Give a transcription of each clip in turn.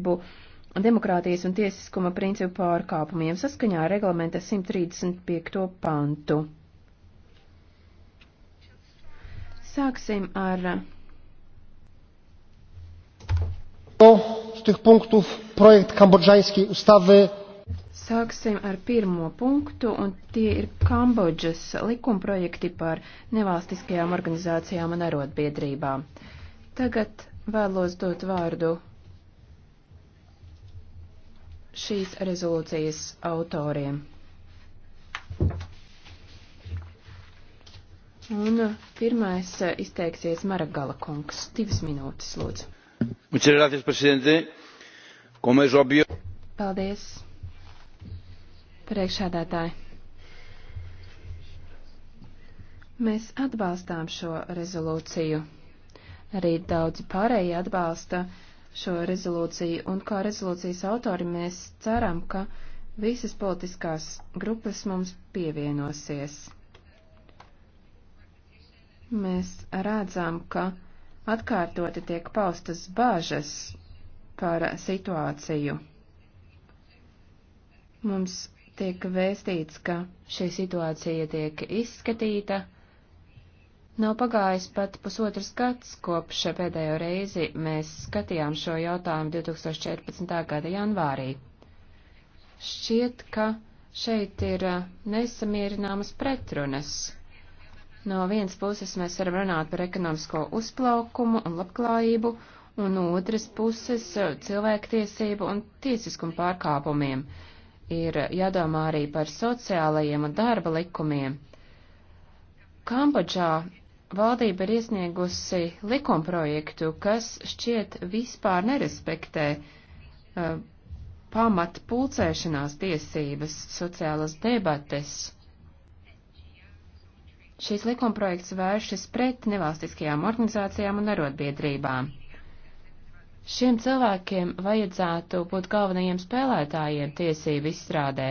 bu demokrātijas un tiesiskuma principu pārkāpumiem saskaņā ar reglamenta 135. pantu. Sāksim ar. Z tych punktów projekt kambodżańskiej ustawy. Sāksim ar pirmo punktu, un tie ir Kambodžas likumprojekti par nevalstiskajām organizācijām un arotbiedrībām. Tagad vēlos dot vārdu šīs rezolūcijas autoriem. Un pirmais izteiksies Maragala kungs. Divas minūtes, lūdzu. Gracias, presidente. Como es obvio... Paldies, priekšādātāji. Mēs atbalstām šo rezolūciju. Arī daudzi pārējie atbalsta uh, šo rezolūciju, un kā rezolūcijas autori mēs ceram, ka visas politiskās grupas mums pievienosies. Mēs redzam, ka atkārtoti tiek paustas bāžas par situāciju. Mums tiek vēstīts, ka šī situācija tiek izskatīta, Nav pagājis pat pusotras gads, kopš pēdējo reizi mēs skatījām šo jautājumu 2014. gada janvārī. Šķiet, ka šeit ir eh, nesamierināmas pretrunas. No vienas puses mēs varam runāt par ekonomisko uzplaukumu un labklājību, un no otras puses eh, cilvēktiesību un tiesiskumu pārkāpumiem. Ir jādomā arī par sociālajiem un darba likumiem. Kambodžā valdība ir iesniegusi likumprojektu, kas šķiet vispār nerespektē uh, pamat pulcēšanās tiesības, sociālas debates. Šīs likumprojekts vēršas pret nevalstiskajām organizācijām un arotbiedrībām. Šiem cilvēkiem vajadzētu būt galvenajiem spēlētājiem tiesību izstrādē.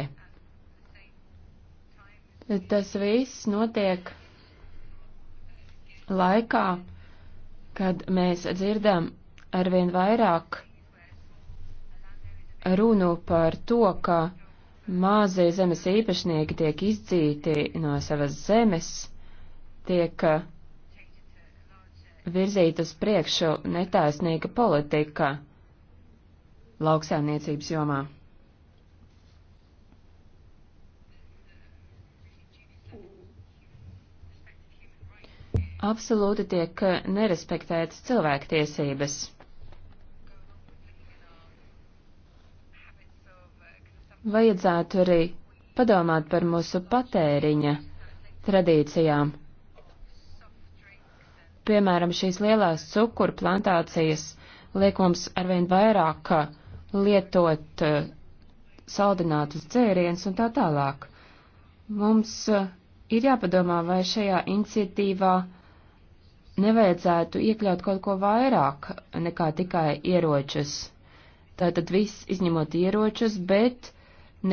Tas viss notiek laikā, kad mēs dzirdam arvien vairāk runu par to, ka mazie zemes īpašnieki tiek izdzīti no savas zemes, tiek uh, virzīt uz priekšu netaisnīga politika lauksaimniecības jomā. absolūti tiek eh, nerespektētas cilvēktiesības. Vajadzētu arī padomāt par mūsu patēriņa tradīcijām. Piemēram, šīs lielās cukuru plantācijas liek mums arvien vairāk eh, lietot eh, saldinātus dzērienus un tā tālāk. Mums ir jāpadomā, vai šajā iniciatīvā nevajadzētu iekļaut kaut ko vairāk nekā tikai ieročus. Tātad viss izņemot ieročus, bet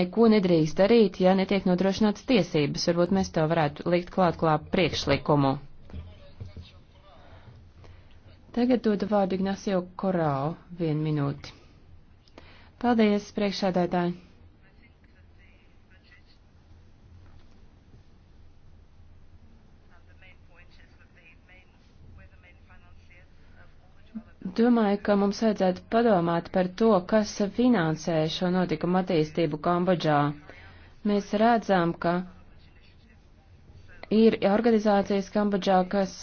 neko nedrīkst darīt, ja netiek nodrošināts tiesības. Varbūt mēs to varētu likt klāt klāt priekšlikumu. Tagad dodu vārdu Ignacio Korau vienu minūti. Paldies, priekšādētāji! Domāju, ka mums vajadzētu padomāt par to, kas finansē šo notikumu attīstību Kambodžā. Mēs redzam, ka ir organizācijas Kambodžā, kas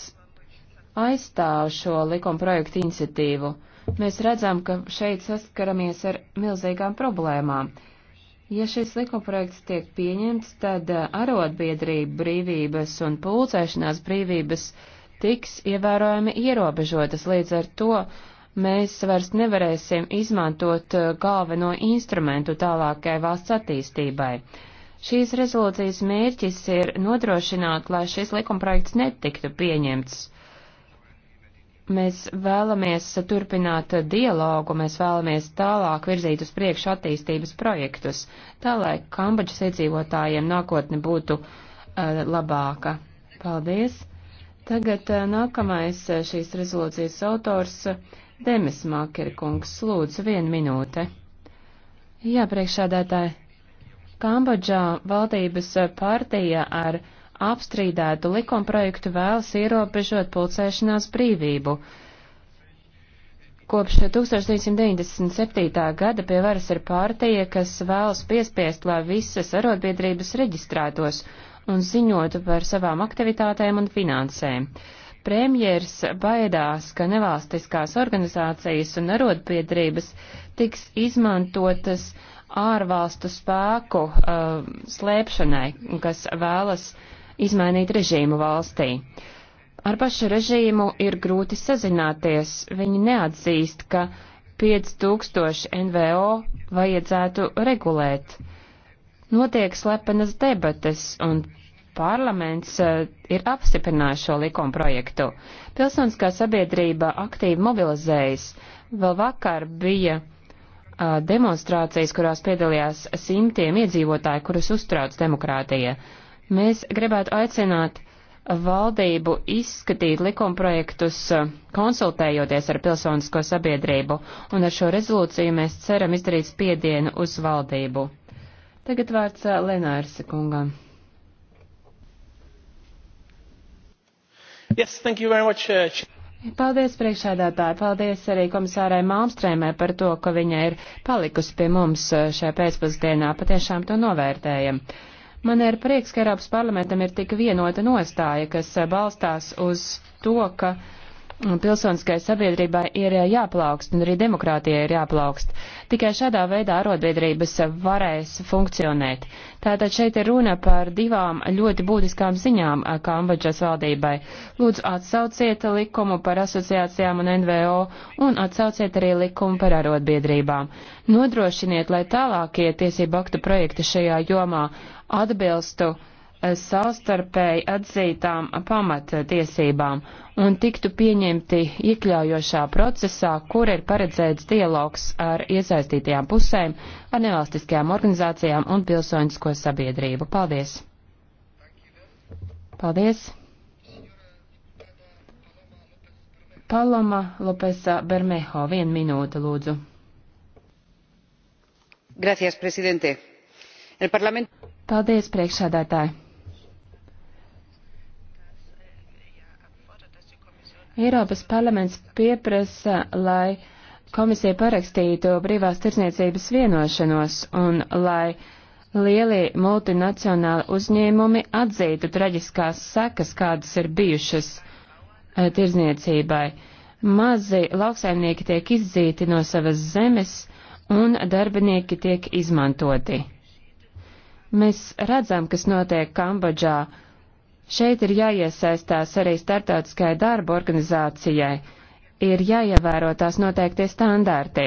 aizstāv šo likuma projektu iniciatīvu. Mēs redzam, ka šeit saskaramies ar milzīgām problēmām. Ja šis likumprojekts tiek pieņemts, tad eh, arotbiedrība brīvības un pulcēšanās brīvības uh, tiks ievērojami ierobežotas, līdz ar to mēs vairs nevarēsim izmantot uh, galveno instrumentu tālākai valsts attīstībai. Šīs rezolūcijas mērķis ir nodrošināt, lai šis likumprojekts netiktu pieņemts. Mēs vēlamies turpināt dialogu, mēs vēlamies tālāk virzīt uz priekšu attīstības projektus, tā lai Kambodžas iedzīvotājiem nākotne būtu uh, labāka. Paldies! Tagad eh, nākamais eh, šīs rezolūcijas autors eh, Demis Makerkungs. Lūdzu, vienu minūte. Jā, priekšādētāji. Kambodžā valdības partija ar apstrīdētu likumprojektu vēlas ierobežot pulcēšanās brīvību. Kopš 1997. gada pie varas ir pārtīja, kas vēlas piespiest, lai visas arotbiedrības reģistrētos un ziņotu par savām aktivitātēm un finansēm. Premjers baidās, ka nevalstiskās organizācijas un arotbiedrības tiks izmantotas ārvalstu spēku uh, slēpšanai, kas vēlas izmainīt režīmu valstī. Ar pašu režīmu ir grūti sazināties, viņi neatzīst, ka 5000 NVO vajadzētu regulēt. Uh, notiek slepenas debates, un parlaments eh, ir apstiprinājis šo likuma projektu. Pilsoniskā sabiedrība aktīvi mobilizējas. Vēl vakar bija eh, demonstrācijas, kurās piedalījās simtiem iedzīvotāju, kurus uztrauc demokrātija. Mēs gribētu aicināt valdību izskatīt likumprojektus, eh, konsultējoties ar pilsonisko sabiedrību, un ar šo rezolūciju mēs ceram izdarīt spiedienu uz valdību. Tagad vārds Lenārs kungam. Yes, thank you very much. Uh, Paldies priekšādātāji, paldies arī komisārai Malmstrēmē par to, ka viņa ir palikusi pie mums šajā pēcpusdienā, patiešām to novērtējam. Man ir prieks, ka Eiropas parlamentam ir tik vienota nostāja, kas balstās uz to, ka pilsoniskai sabiedrībai ir eh, jāplaukst un arī demokrātijai ir jāplaukst. Tikai šādā veidā arotbiedrības varēs funkcionēt. Tātad šeit ir runa par divām ļoti būtiskām ziņām eh, Kambodžas valdībai. Lūdzu atsauciet likumu par asociācijām un NVO un atsauciet arī likumu par arotbiedrībām. Nodrošiniet, lai tālākie tiesību aktu projekti šajā jomā atbilstu savstarpēji atzītām pamattiesībām un tiktu pieņemti iekļaujošā procesā, kur ir paredzēts dialogs ar iesaistītajām pusēm, ar nevalstiskajām organizācijām un pilsoņisko sabiedrību. Paldies! Paldies! Paloma Lopesa Bermejo, viena minūte, lūdzu. Gracias, presidente. El Parlamento. Paldies, priekšsādātāji. Eiropas parlaments pieprasa, lai komisija parakstītu brīvās tirsniecības vienošanos un lai lielie multinacionāli uzņēmumi atzītu traģiskās sekas, kādas ir bijušas e, tirzniecībai. Mazi lauksaimnieki tiek izdzīti no savas zemes un darbinieki tiek izmantoti. Mēs redzam, kas notiek Kambodžā Šeit ir jāiesaistās arī startautiskai darba organizācijai, ir jāievēro tās noteiktie standārti.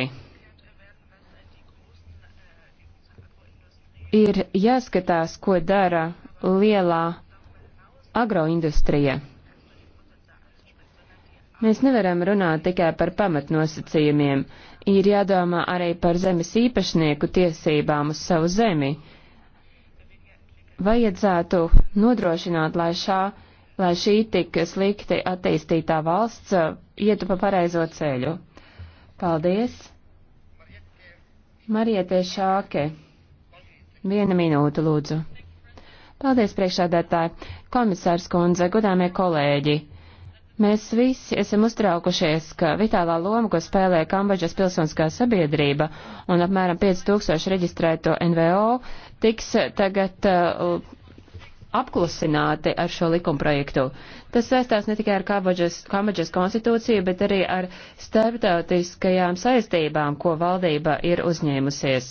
Ir jāskatās, ko dara lielā agroindustrija. Mēs nevaram runāt tikai par pamatnosacījumiem, ir jādomā arī par zemes īpašnieku tiesībām uz savu zemi vajadzētu nodrošināt, lai, šā, lai šī tik slikti attīstītā valsts uh, ietu pa pareizo ceļu. Paldies! Marietē Šāke. Viena minūte, lūdzu. Paldies, priekšādātāji, komisārs kundze, godāmie kolēģi. Mēs visi esam uztraukušies, ka vitālā loma, ko spēlē Kambodžas pilsoniskā sabiedrība un apmēram 5000 reģistrēto NVO, tiks tagad uh, apklusināti ar šo likumprojektu. Tas saistās ne tikai ar Kambodžas, Kambodžas konstitūciju, bet arī ar starptautiskajām saistībām, ko valdība ir uzņēmusies.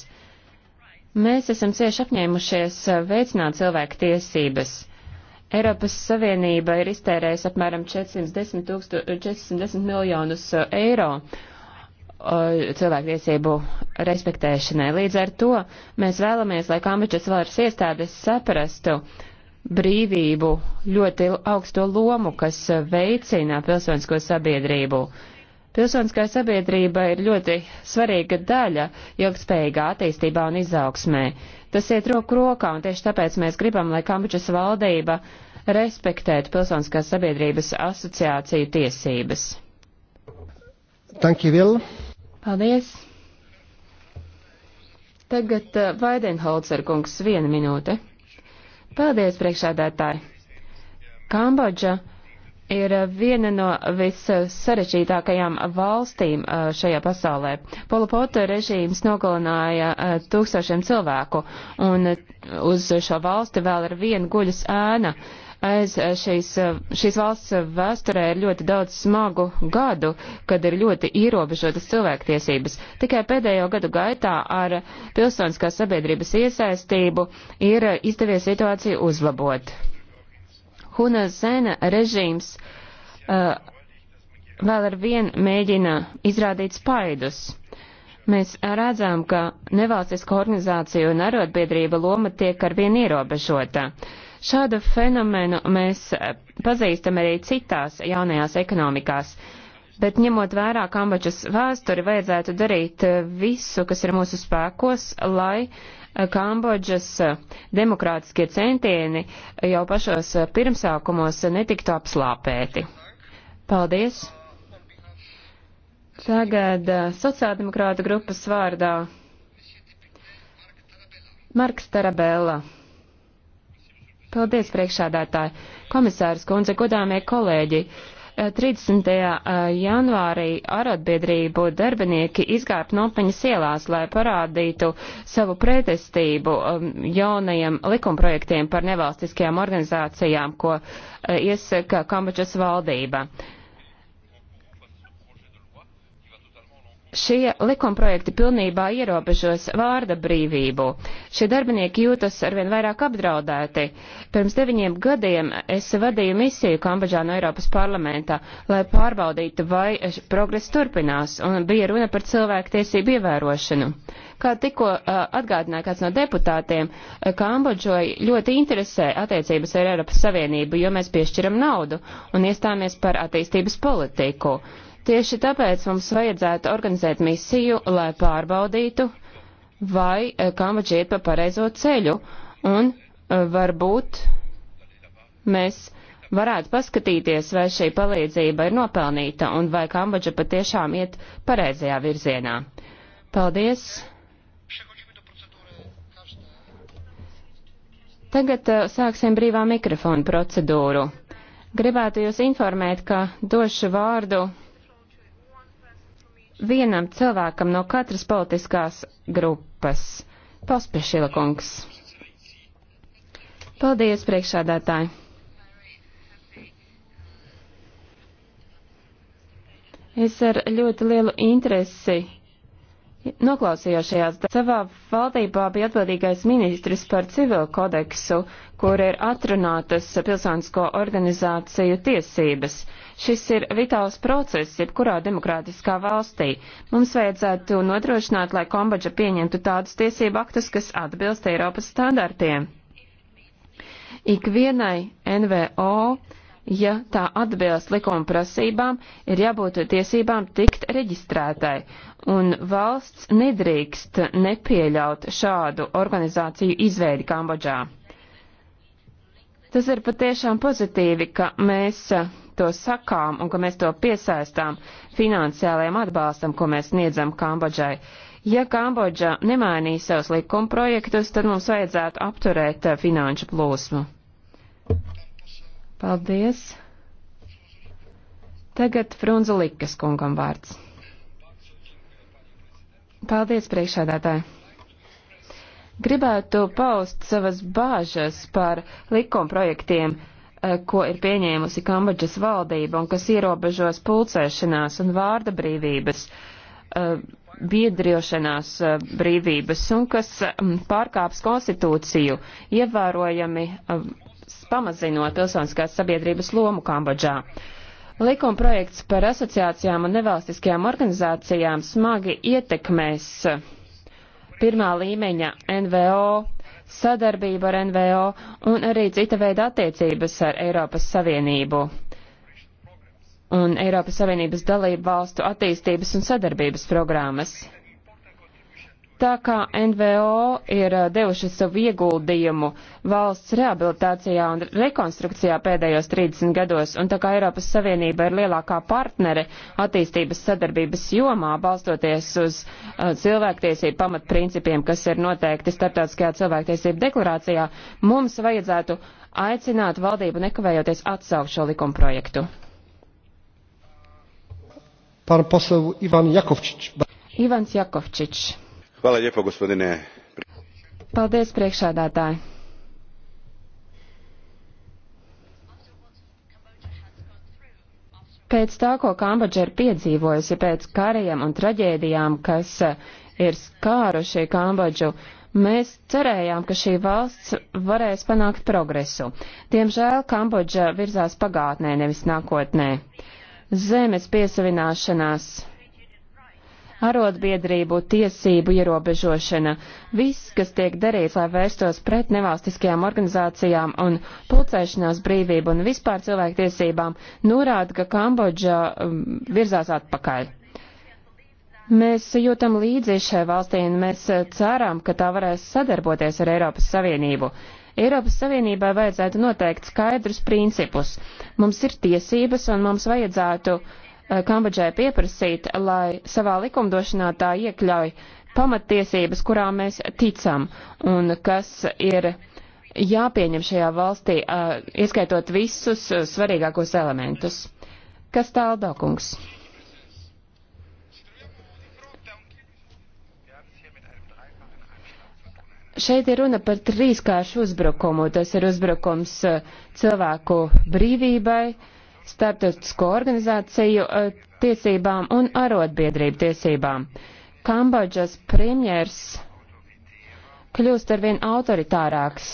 Mēs esam cieši apņēmušies uh, veicināt cilvēku tiesības. Eiropas Savienība ir iztērējusi apmēram 410, tūkstu, 410 miljonus uh, eiro Eh, cilvēktiesību respektēšanai. Līdz ar to mēs vēlamies, lai Kambodžas varas iestādes saprastu brīvību ļoti augsto lomu, kas veicina pilsonisko sabiedrību. Pilsoniskā sabiedrība ir ļoti svarīga daļa ilgspējīgā attīstībā un izaugsmē. Tas iet roku rokā, un tieši tāpēc mēs gribam, lai Kambodžas valdība respektētu pilsoniskās sabiedrības asociāciju tiesības. Thank you, Will. Paldies! Tagad uh, Vaidenholzer kungs viena minūte. Paldies, priekšādētāji! Kambodža ir uh, viena no vissarežģītākajām valstīm uh, šajā pasaulē. Polopota režīms nogalināja uh, tūkstošiem cilvēku, un uz šo valsti vēl ir viena guļas ēna aiz eh, šīs, eh, šīs valsts vēsturē ir ļoti daudz smagu gadu, kad ir ļoti ierobežotas cilvēktiesības. Tikai pēdējo gadu gaitā ar pilsoniskās sabiedrības iesaistību ir eh, izdevies situāciju uzlabot. Huna Zena režīms uh, vēl ar vienu mēģina izrādīt spaidus. Mēs redzam, ka nevalstisko organizāciju un arotbiedrība loma tiek arvien ierobežota. Uh, Šādu fenomenu mēs eh, pazīstam arī citās jaunajās ekonomikās, bet ņemot vērā Kambodžas vēsturi, vajadzētu darīt eh, visu, kas ir mūsu spēkos, lai eh, Kambodžas demokrātiskie centieni jau pašos pirmsākumos netiktu apslāpēti. Paldies! Tagad sociāldemokrāta grupas vārdā Marks Tarabella. Paldies, priekšādātāji. Komisārs kundze, godāmie kolēģi. 30. Eh, eh, janvārī arotbiedrību darbinieki izgāja nopaņas ielās, lai parādītu savu pretestību um, jaunajiem likumprojektiem par nevalstiskajām organizācijām, ko eh, iesaka Kambodžas valdība. Šie likumprojekti pilnībā ierobežos vārda brīvību. Šie darbinieki jūtas arvien vairāk apdraudēti. Pirms deviņiem gadiem es vadīju misiju Kambodžā no Eiropas parlamenta, lai pārbaudītu, vai progress turpinās, un bija runa par cilvēktiesību ievērošanu. Kā tikko atgādināja kāds no deputātiem, Kambodžai ļoti interesē attiecības ar Eiropas Savienību, jo mēs piešķiram naudu un iestāmies par attīstības politiku. Tieši tāpēc mums vajadzētu organizēt misiju, lai pārbaudītu, vai e, Kambodža iet pa pareizo ceļu, un e, varbūt mēs varētu paskatīties, vai šī palīdzība ir nopelnīta un vai Kambodža patiešām iet pareizajā virzienā. Paldies! Tagad uh, sāksim brīvā mikrofona procedūru. Gribētu jūs informēt, ka došu vārdu vienam cilvēkam no katras politiskās grupas. Paspiešila kungs. Paldies, priekšādātāji. Es ar ļoti lielu interesi noklausījušajās. Savā valdībā bija atbildīgais ministrs par civilu kodeksu, kur ir atrunātas pilsonisko organizāciju tiesības. Šis ir vitāls process jebkurā demokrātiskā valstī. Mums vajadzētu nodrošināt, lai Kambodža pieņemtu tādus tiesību aktus, kas atbilst Eiropas standartiem. Ikvienai NVO ja tā atbilst likuma prasībām, ir jābūt tiesībām tikt reģistrētai, un valsts nedrīkst nepieļaut šādu organizāciju izveidi Kambodžā. Tas ir patiešām pozitīvi, ka mēs to sakām un ka mēs to piesaistām finansiālajiem atbalstam, ko mēs sniedzam Kambodžai. Ja Kambodža nemainīs savus likuma projektus, tad mums vajadzētu apturēt finanšu plūsmu. Paldies. Tagad Frunzulikas kungam vārds. Paldies, priekšādātāji. Gribētu paust savas bāžas par likumprojektiem, eh, ko ir pieņēmusi Kambodžas valdība un kas ierobežos pulcēšanās un vārda brīvības eh, biedriošanās eh, brīvības un kas mm, pārkāps konstitūciju, ievērojami pamazinot pilsoniskās sabiedrības lomu Kambodžā. Likuma projekts par asociācijām un nevalstiskajām organizācijām smagi ietekmēs pirmā līmeņa NVO, sadarbību ar NVO un arī cita veida attiecības ar Eiropas Savienību un Eiropas Savienības dalību valstu attīstības un sadarbības programmas. Tā kā NVO ir uh, devušas savu ieguldījumu valsts rehabilitācijā un rekonstrukcijā pēdējos 30 gados, un tā kā Eiropas Savienība ir lielākā partnere attīstības sadarbības jomā, balstoties uz uh, cilvēktiesību pamatprincipiem, kas ir noteikti starptautiskajā cilvēktiesību deklarācijā, mums vajadzētu aicināt valdību nekavējoties atsaukt šo likumprojektu. Par pasavu Ivan Jakovčič. Ivans Jakovčič. Liepa, gospodine. Paldies, priekšādātāji. Pēc tā, ko Kambodža ir piedzīvojusi pēc kariem un traģēdijām, kas eh, ir skāruši Kambodžu, mēs cerējām, ka šī valsts varēs panākt progresu. Diemžēl Kambodža virzās pagātnē, nevis nākotnē. Zemes piesavināšanās arotbiedrību tiesību ierobežošana, viss, kas tiek darīts, lai vērstos pret nevalstiskajām organizācijām un pulcēšanās brīvību un vispār cilvēktiesībām, norāda, ka Kambodža um, virzās atpakaļ. Mēs jūtam līdzi šai valstī un mēs uh, ceram, ka tā varēs sadarboties ar Eiropas Savienību. Eiropas Savienībai vajadzētu noteikt skaidrus principus. Mums ir tiesības un mums vajadzētu uh, Eh, Kambodžai pieprasīt, lai savā likumdošanā tā iekļauj pamatiesības, kurām mēs ticam un kas ir jāpieņem šajā valstī, eh, ieskaitot visus eh, svarīgākos elementus. Kas tālākungs? Šeit ir runa par trīskāršu uzbrukumu. Tas ir uzbrukums cilvēku brīvībai, uh, starptautisko organizāciju eh, tiesībām un arotbiedrību tiesībām. Kambodžas premjers kļūst arvien autoritārāks.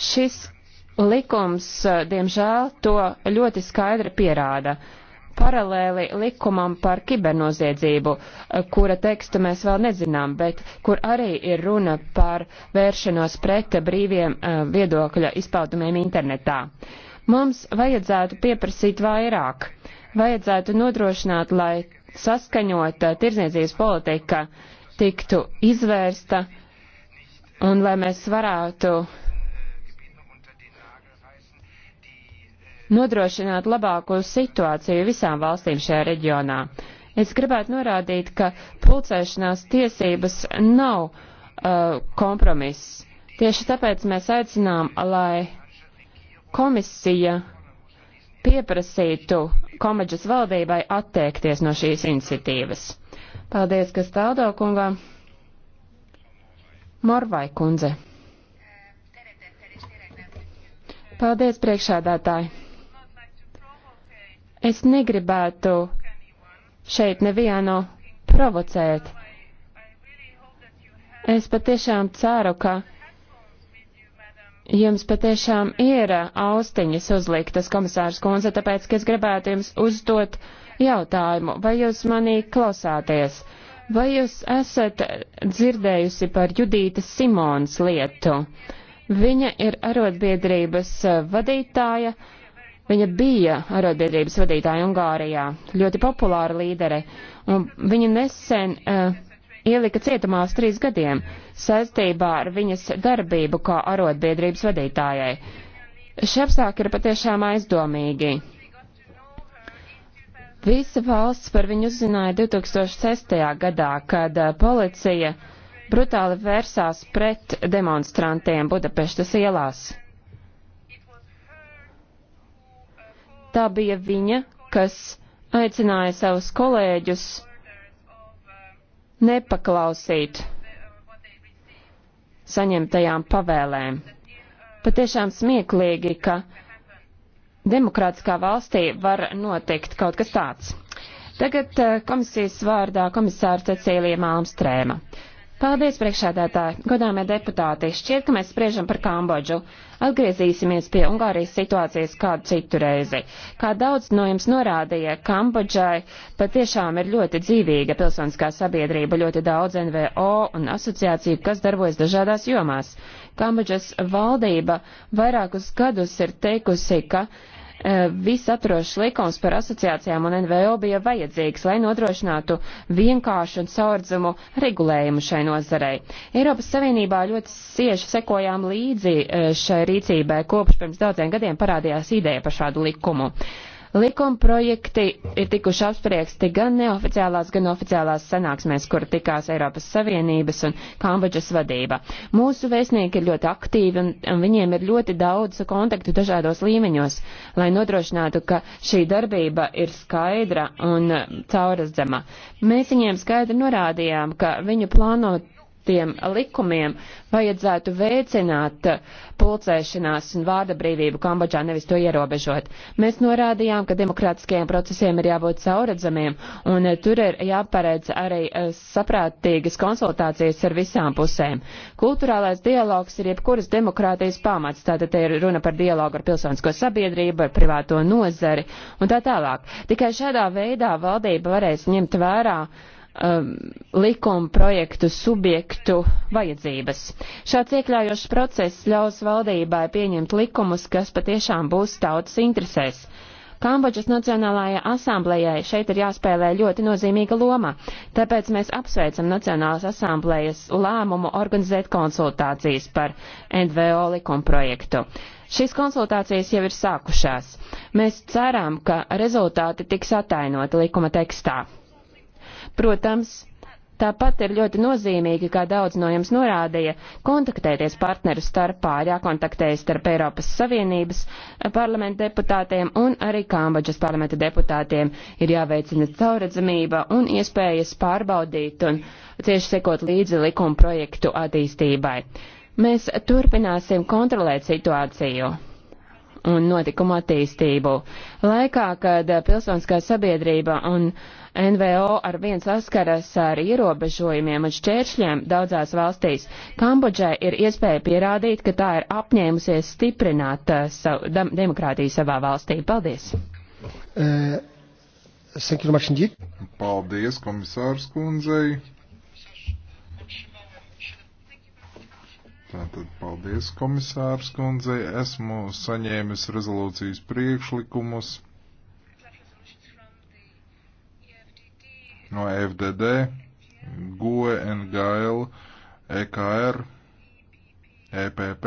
Šis likums, eh, diemžēl, to ļoti skaidri pierāda. Paralēli likumam par kibernoziedzību, eh, kura tekstu mēs vēl nezinām, bet kur arī ir runa par vēršanos pret brīviem viedokļa izpaudumiem internetā. Uh, Mums vajadzētu pieprasīt vairāk. Vajadzētu nodrošināt, lai saskaņota tirdzniecības politika tiktu izvērsta un lai mēs varētu nodrošināt labāku situāciju visām valstīm šajā reģionā. Es gribētu norādīt, ka pulcēšanās tiesības nav uh, kompromiss. Tieši tāpēc mēs aicinām, lai komisija pieprasītu komaģas valdībai atteikties no šīs iniciatīvas. Paldies, kas tādā kungā. Morvai kundze. Paldies, priekšādātāji. Es negribētu šeit nevienu provocēt. Es patiešām ceru, ka Jums patiešām ir uh, austiņas uzliktas, komisārs Kunze, tāpēc, ka es gribētu jums uzdot jautājumu, vai jūs manī klausāties, vai jūs esat dzirdējusi par Judītas Simons lietu. Viņa ir arotbiedrības uh, vadītāja, viņa bija arotbiedrības vadītāja Ungārijā, ļoti populāra līdere, un viņa nesen uh, ielika cietumā uz trīs gadiem saistībā ar viņas darbību kā arotbiedrības vadītājai. Šie apstākļi ir patiešām aizdomīgi. Visa valsts par viņu uzzināja 2006. gadā, kad uh, policija brutāli vērsās pret demonstrantiem Budapeštas ielās. Tā bija viņa, kas aicināja savus kolēģus nepaklausīt saņemtajām pavēlēm. Patiešām smieklīgi, ka demokrātiskā valstī var notikt kaut kas tāds. Tagad eh, komisijas vārdā komisāra Cecīlija Malmstrēma. Paldies, priekšsēdētāji, godāmie deputāti. Šķiet, ka mēs spriežam par Kambodžu. Atgriezīsimies pie Ungārijas situācijas kādu citu reizi. Kā daudz no jums norādīja, Kambodžai patiešām ir ļoti dzīvīga pilsoniskā sabiedrība, ļoti daudz NVO un asociāciju, kas darbojas dažādās jomās. Kambodžas valdība vairākus gadus ir teikusi, ka Eh, visaptrošs likums par asociācijām un NVO bija vajadzīgs, lai nodrošinātu vienkāršu un saurdzumu regulējumu šai nozarei. Eiropas Savienībā ļoti cieši sekojām līdzi eh, šai rīcībai, kopš pirms daudziem gadiem parādījās ideja par šādu likumu. Uh, Likuma projekti ir tikuši apspriesti gan neoficiālās, gan oficiālās sanāksmēs, kur tikās Eiropas Savienības un Kambodžas vadība. Mūsu vēstnieki ir ļoti aktīvi un, un viņiem ir ļoti daudz kontaktu dažādos līmeņos, lai nodrošinātu, ka šī darbība ir skaidra un uh, caurredzama. Mēs viņiem skaidri norādījām, ka viņu plānot tiem likumiem vajadzētu veicināt pulcēšanās un vārda brīvību Kambodžā, nevis to ierobežot. Mēs norādījām, ka demokrātiskajiem procesiem ir jābūt sauredzamiem, un eh, tur ir jāparedz arī eh, saprātīgas konsultācijas ar visām pusēm. Kulturālais dialogs ir jebkuras demokrātijas pamats, tātad te ir runa par dialogu ar pilsonisko sabiedrību, ar privāto nozari un tā tālāk. Tikai šādā veidā valdība varēs ņemt vērā um, likuma projektu subjektu vajadzības. Šāds iekļaujošs process ļaus valdībai pieņemt likumus, kas patiešām būs tautas interesēs. Kambodžas Nacionālajai asamblējai šeit ir jāspēlē ļoti nozīmīga loma, tāpēc mēs apsveicam Nacionālās asamblējas lēmumu organizēt konsultācijas par NVO likumprojektu. Šīs konsultācijas jau ir sākušās. Mēs ceram, ka rezultāti tiks atainoti likuma tekstā. Protams, Tāpat ir ļoti nozīmīgi, kā daudz no jums norādīja, kontaktēties partneru starpā, jākontaktējas starp Eiropas Savienības parlamenta deputātiem un arī Kambodžas parlamenta deputātiem. Ir jāveicina cauredzamība un iespējas pārbaudīt un cieši sekot līdzi likuma projektu attīstībai. Mēs turpināsim kontrolēt situāciju un notikumu attīstību. Laikā, kad pilsoniskā sabiedrība un uh, NVO ar vien saskaras ar ierobežojumiem un šķēršļiem daudzās valstīs. Kambodžai ir iespēja pierādīt, ka tā ir apņēmusies stiprināt uh, savu, dem demokrātiju savā valstī. Paldies! Eh, paldies, komisārs kundzei! Tātad paldies komisārs kundzei, esmu saņēmis rezolūcijas priekšlikumus. no FDD, GUE, NGL, EKR, EPP.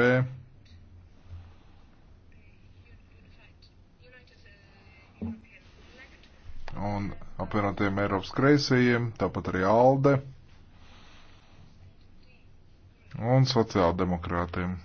Un apvienotiem Eiropas kreisajiem, tāpat arī ALDE un sociāldemokrātiem.